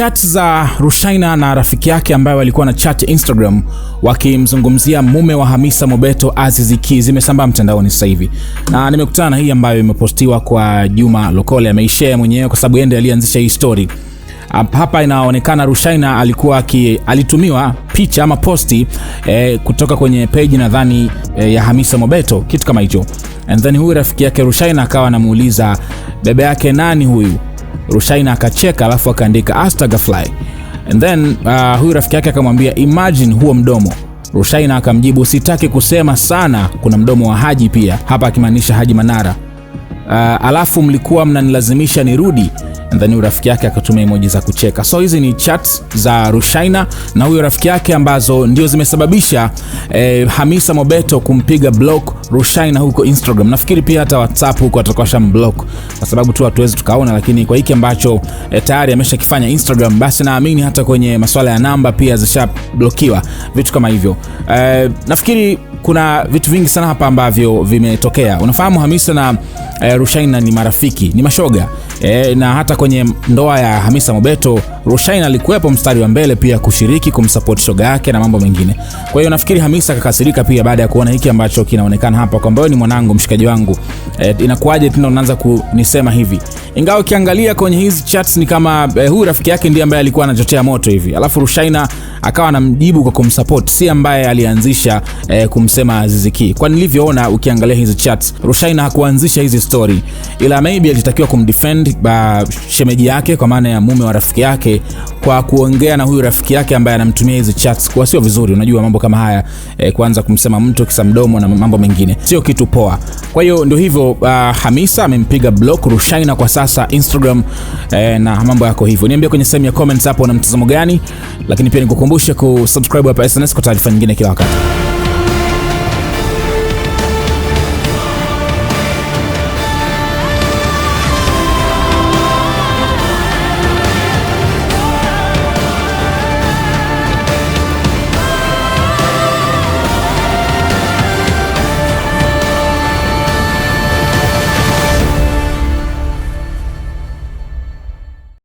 Chat za Rushaina na rafiki yake ambaye walikuwa na chat Instagram wakimzungumzia mume wa Hamisa Mobeto Azizi Ki zimesambaa mtandaoni sasa hivi, na nimekutana na hii ambayo imepostiwa kwa Juma Lokole, ameishare mwenyewe kwa sababu yeye ndiye alianzisha hii story. Hapa inaonekana Rushaina alikuwa ki, alitumiwa picha ama posti eh, kutoka kwenye page nadhani eh, ya Hamisa Mobeto kitu kama hicho, and then huyu rafiki yake Rushaina akawa anamuuliza bebe yake nani huyu Rushaina akacheka alafu akaandika astagfirullah. And then uh, huyu rafiki yake akamwambia imagine huo mdomo. Rushaina akamjibu sitaki kusema sana, kuna mdomo wa Haji pia hapa, akimaanisha Haji Manara. Uh, alafu mlikuwa mnanilazimisha nirudi and then rafiki yake akatumia emoji za kucheka. So hizi ni chats za Rushaina na huyo rafiki yake ambazo ndio zimesababisha eh, Hamisa Mobeto kumpiga block Rushaina huko Instagram, nafikiri pia hata WhatsApp huko atakuwa shamblock kwa sababu tu hatuwezi tukaona, lakini kwa hiki ambacho e, tayari ameshakifanya Instagram, basi naamini hata kwenye masuala ya namba pia zishablokiwa vitu kama hivyo. E, nafikiri kuna vitu vingi sana hapa ambavyo vimetokea. Unafahamu Hamisa na e, Rushaina ni marafiki, ni mashoga e, na hata kwenye ndoa ya Hamisa Mobeto Rushaina alikuwepo mstari wa mbele pia kushiriki kumsupport shoga yake na mambo mengine. Kwa hiyo nafikiri Hamisa akakasirika pia baada ya kuona hiki ambacho kinaonekana hapa kwamba wewe ni mwanangu, mshikaji wangu, e, inakuwaje tena unaanza kunisema hivi? ingawa ukiangalia kwenye hizi chats ni kama eh, huyu rafiki yake ndiye ambaye alikuwa anachochea moto hivi, alafu Rushaina akawa anamjibu kwa kumsupport, si ambaye alianzisha eh, kumsema Aziziki. Kwa nilivyoona, ukiangalia hizi chats, Rushaina hakuanzisha hizi story, ila maybe alitakiwa kumdefend shemeji yake, kwa maana ya mume wa rafiki yake, kwa kuongea na huyu rafiki yake ambaye anamtumia hizi chats, kwa sio vizuri. Unajua mambo kama haya eh, kuanza kumsema mtu kisa mdomo na mambo mengine sio kitu poa. Kwa hiyo ndio hivyo, uh, Hamisa amempiga block Rushaina kwa sasa Instagram eh, na mambo yako hivyo. niambia kwenye sehemu ya comments hapo na mtazamo gani, lakini pia nikukumbushe kusubscribe hapa SnS kwa taarifa nyingine kila wakati.